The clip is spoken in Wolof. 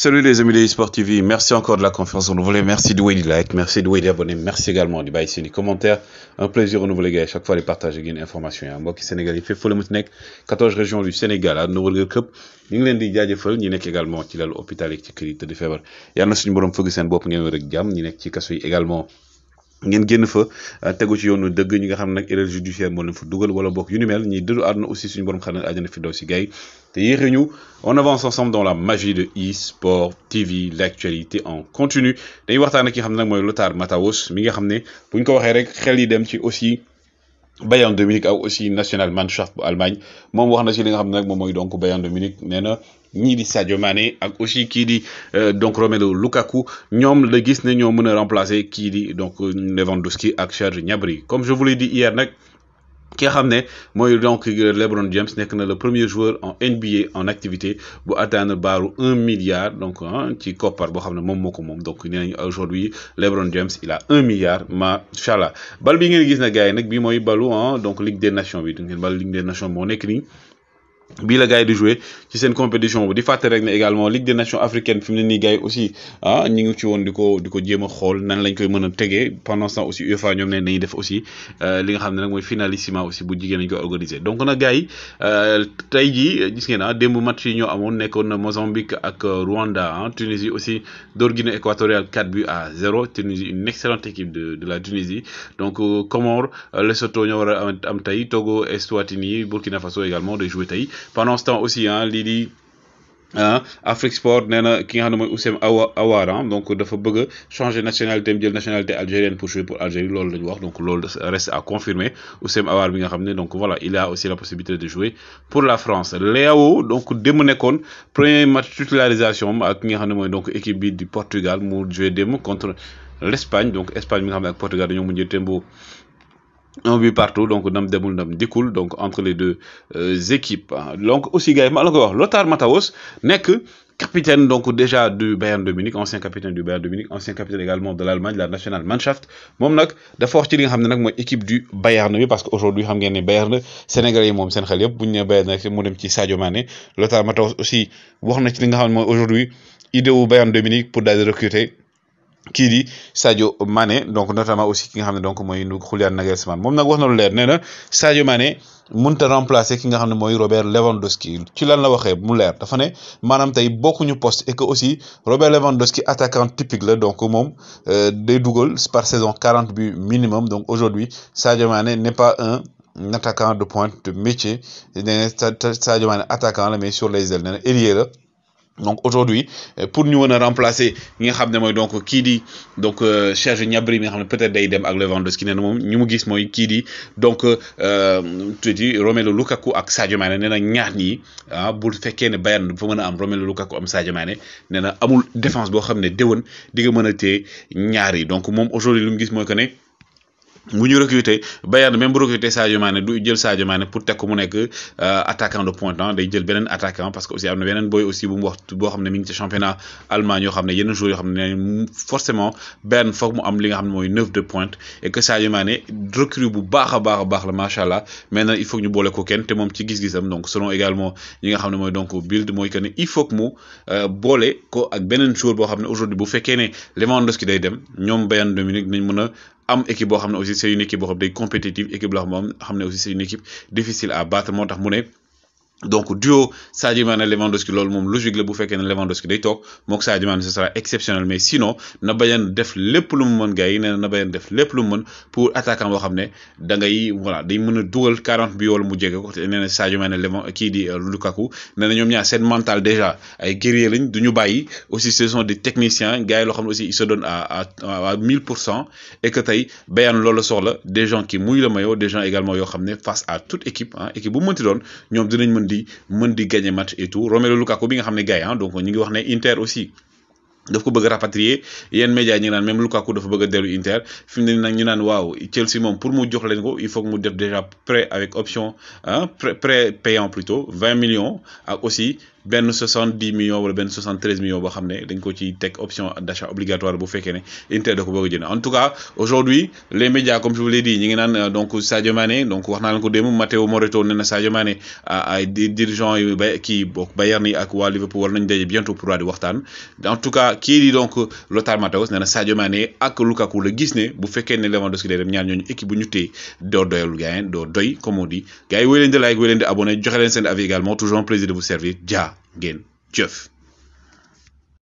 Salut les amis de eSport TV, merci encore de la confiance renouvelée, merci de des like, merci de des abonner, merci également de baisser les commentaires. Un plaisir renouvelé, gars, chaque fois les partager une information. Un mbokk Sénégal yi fépp fële mu ci nekk 14 régions du Sénégal à Nouvelle Cup ñu ngi leen di jaajëfal ñi nekk également ci lalu hôpital yi ci kër yi tëdd feebar yàlla na suñu borom fëgg seen bopp ngeen wér ak jàmm ñi nekk ci kaso également ngeen génn fa euh, tegu ci yoonu dëgg ñi nga xam nag erreur judiciaire moo leen fa dugal wala bokk yu ni mel ñi dëddu àdduna aussi suñu borom xanaa àjjana fi daw si gay te yéexi ñu on avance ensemble dans la magie de e-sport TV l'actualité en continu dañuy waxtaan ak ki xam ne nag mooy Lothar Matthäus mi nga xam ne bu ñu ko waxee rek xel yi dem ci aussi. Bayern de Munich aussi national Mannschaft pour Allemagne l'Allemagne je li donc Bayern Sadio aussi euh, donc Romelu Lukaku ñom le gis ne ñom remplacer donc euh, Lewandowski comme je vous l'ai dit hier ki nga xam ne donc LeBron James nekk na le premier joueur en NBA en activité bu atteindre barou un milliard donc hein, ci koppar boo xam ne moom moo ko donc aujourd'hui LeBron James il a un milliard ma allah bal bi ngeen gis na gaay nak bi moy balou hein donc Ligue des Nations bi ngeen bal Ligue des Nations mo nek ni bi la gars yi di jouer ci sen compétition bu di faté rek né également Ligue des Nations africaines fimné ni ne gars aussi ah ñi ngi ci won diko diko di xol nan lañ koy mëna téggé tegee pendant ce temps aussi UEFA ñoom ne nañuy def aussi euh li nga xamné nak moy mooy finalissima aussi bu jigéen ñu koy organisé donc nak gars yi euh, tay ji gis ngeen ah démb match yi ñoo amoon nekkoon na Mozambique ak Rwanda hein Tunisie aussi dóor Guinée équatoriale 4 buts à 0 Tunisie une excellente équipe de de la Tunisie donc euh, Comores euh, Lesotho ñoo wara am tay Togo Eswatini Burkina Faso également de jouer tay pendant ce temps aussi hein lii hein, di Afrique Sport ki nga xam moy Oussem Awar hein donc dafa bëgg changer nationalité dem jël nationalité algérienne pour jouer pour Algérie loolu la wax donc loolu reste à confirmer Oussem Awar bi nga xam donc voilà il a aussi la possibilité de jouer pour la France Léo donc dem premier match titularisation avec ak nga moy donc équipe bi du Portugal mu joué dem contre l'Espagne donc Espagne bi nga xam ak Portugal dañoo mujjee tembo un but partout donc ndam demul ndam dikkul donc entre les deux euh, équipes hein. donc aussi gars yi ma wax Lothar Matthäus nek capitaine donc déjà du Bayern de Munich ancien capitaine du Bayern de Munich ancien capitaine également de l'Allemagne de la Nationalmannschaft moom nag dafa wax ci li nga xamné nak moy équipe du Bayern bi parce que aujourd'hui xam ngeen ne Bayern Sénégalais mom sen xel yëpp bu ñu Bayern nak mu dem ci Sadio Mané Lothar Matthäus aussi wax na ci li nga xamné moy aujourd'hui idée Bayern de Munich pour d'aller recruter qui dit Sadio Mané donc notamment aussi qui nga xam donc mooy Julian Nagelsmann moom nag wax le lu leer Sadio Mané mënut remplacer ki nga xam Robert Lewandowski ci lan la waxee mu leer dafa madame maanaam beaucoup bokkuñu poste et que aussi Robert Lewandowski attaquant typique là, donc moom euh, day dugal par saison 40 buts minimum donc aujourd'hui Sadio Mané n'est pas un. attaquant de pointe de métier nee na Sadio attaquant mais sur les ailes il y ailier donc aujourd'hui euh, pour nous on a remplacer nga donc le donc euh, Serge peut-être day dem ak Lewandowski nous donc euh, tu Romelu Lukaku ak Sadio Mané nena ñaar ah am Romelu Lukaku am Sadio Mané amul défense dit xamné de diga donc aujourd'hui mu ñu recruter Bayern même bu recruter Sadio Mané du jël Sadio Mané pour teg mu nekk euh, attaquant de pointe ah day jël benen attaquant parce que aussi am benen boy aussi bu wax bo xamné mi ngi ci championnat allemand yo xamné ne yenn yo xamné forcément Bayern foog mu am li nga xamné moy neuf de pointe et que Sadio Mané recrue bu baaxa baaxa baax la machallah maintenant il faut que ñu bolé ko kenn té mom ci gis-gisam donc selon également ñi nga xamné moy donc build moy que il faut que mu euh, bolé ko ak benen joueur bo xamné aujourd'hui bu fekkee né Lewandowski day dem ñom Bayern Dominique nañ mëna am équipe boo xam ne aussi c' est une équipe boo xam compétitive équipe la moom xam ne aussi c' est difficile à battre tax mu donc duo Sadio Mane Lewandowski loolu mom logique la bu fekkee ne Lewandowski day tok mok Sadio Mane ce sera exceptionnel mais sinon na bañ def lepp lu mu mën gars yi na bañ def lepp lu mu mën pour attaquant boo xam da ngay voilà day mën dougal 40 bi wala mu jege ko te nee Sadio Mane Lewandowski kii di euh, Lukaku nee ñom ñaar mental déjà ay guerrier lañ duñu bayyi aussi ce sont des techniciens gars yi aussi ils se donnent à à 1000 pour cent et que tey Bayern loolu soxla des gens qui mouillent le maillot des gens également yo xam face à toute équipe hein équipe bu mënti doon ñom dinañ mën di mën di gagner match et tout Romelu Lukaku bi nga xam ne gars ah, donc ñu ngi wax ne Inter aussi. daf ko bëgg a rapatrier yenn média ñu naan même Lukaku dafa bëgg a dellu Inter fi ne nag ñu naan waaw Chelsea moom pour mu jox leen ko il faut que mu def déjà prêt avec option ah prêt payant vingt millions ak aussi. ben 70 millions wala ben 73 millions boo xamné ne dañ ko ci tek option d'achat obligatoire bu fekkee né Inter da ko bëgg en tout cas aujourd'hui les médias comme je vous l'ai dit ñi ngi naan euh, donc Sadio Mané donc wax naa leen ko démb Matteo Moretto né na Sadio Mané ay dirigeants qui ba Bayern yi ak waa Liverpool war nañ daje bientôt pour di waxtaan en tout cas ki di donc Lothar Matthäus né na Sadio Mané ak Lukaku le gis né bu fekkee né Lewandowski day dem ñaar ñooñu équipe bu ñu té do doyal gars do doy comme on dit gars yi wéy leen di like wéy leen di abonné joxé leen seen avis également toujours un plaisir de vous servir ja again, Jeff